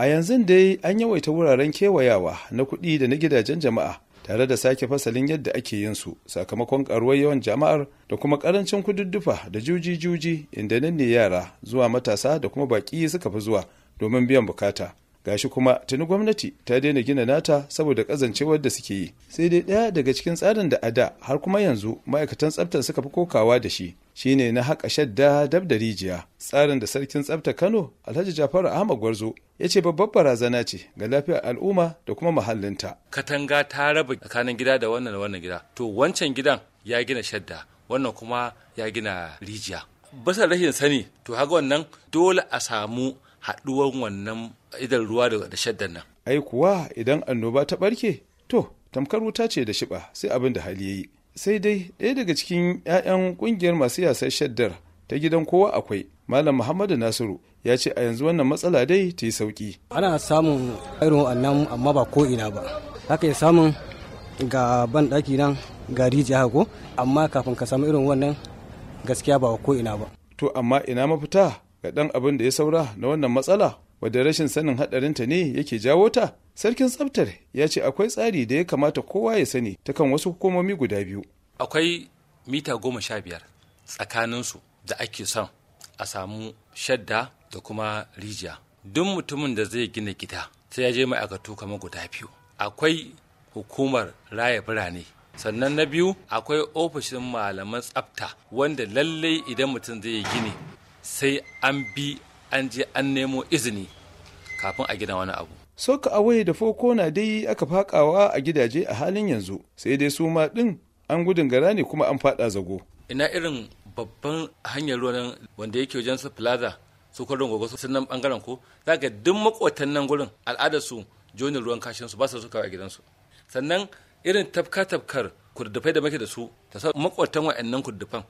a yanzu dai an yawaita wuraren kewayawa na kuɗi da na gidajen jama'a tare da sake fasalin yadda ake yin su sakamakon karuwar yawan jama'ar da kuma karancin kududdufa da juji-juji inda nan ne yara zuwa matasa da kuma baki suka fi zuwa domin biyan bukata gashi kuma tuni gwamnati ta daina gina nata saboda kazancewar da suke yi sai dai ɗaya daga cikin tsarin da ada har kuma yanzu ma'aikatan tsaftar suka fi kokawa da shi shine na haƙa shadda dab da rijiya tsarin da sarkin tsabta kano alhaji jafaru ahmad gwarzo ya ce babbar barazana ce ga lafiyar al'umma da kuma muhallinta katanga ta raba tsakanin gida da wannan da wannan gida to wancan gidan ya gina shadda wannan kuma ya gina rijiya basa rashin sani to haka wannan dole a samu haɗuwar wannan idan ruwa da shaddan nan ai kuwa idan annoba ta ɓarke to tamkar wuta ce da shiba sai abin da hali yayi sai dai ɗaya daga cikin 'ya'yan ƙungiyar masu yasar shaddar ta gidan kowa akwai malam muhammadu nasiru ya ce a yanzu wannan matsala dai ta yi sauki ana samun irin wannan amma ba ko ina ba haka ya samun ga ban ɗaki nan ga rijiya hako amma kafin ka samu irin wannan gaskiya ba ko ina ba to amma ina mafita ga ɗan abin da ya saura na wannan matsala wadda rashin sanin haɗarinta ne yake jawo ta sarkin tsaftar ya ce akwai tsari da ya kamata kowa ya sani ta kan wasu hukumomi guda biyu akwai mita goma sha biyar tsakaninsu da ake son a samu shadda da kuma rijiya duk mutumin da zai gina gida sai ya je ma'aikatu kamar guda biyu akwai hukumar raya birane sannan na biyu akwai ofishin malaman tsafta wanda lallai idan mutum zai gini sai an bi an je an nemo izini kafin a gina wani abu soka awai da foko na dai aka fakawa a gidaje a halin yanzu sai dai su ma din an gudun gara ne kuma an fada zago ina irin babban hanyar ruwan wanda yake wajen su plaza su kwarin gogo su nan bangaren ko za ka duk makwatan nan gurin al'adar su joni ruwan kashin su ba su suka a gidansu sannan irin tafka tafkar kurdufai da muke da su ta sa makwatan wa'annan kurdufan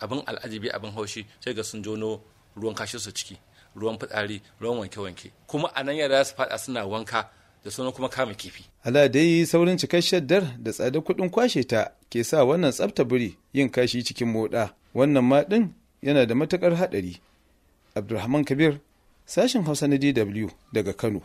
abin al'ajibi abin haushi sai ga sun jono ruwan kashin su ciki ruwan fitsari ruwan wanke-wanke kuma a nan yara su faɗa suna wanka da sunan kuma kama kifi. Ala dai saurin cikar shaddar da tsada kuɗin kwashe ta ke sa wannan tsafta biri yin kashi cikin moɗa wannan ma ɗin yana da matuƙar haɗari. Abdulrahman Kabir, sashin Hausa na DW daga Kano.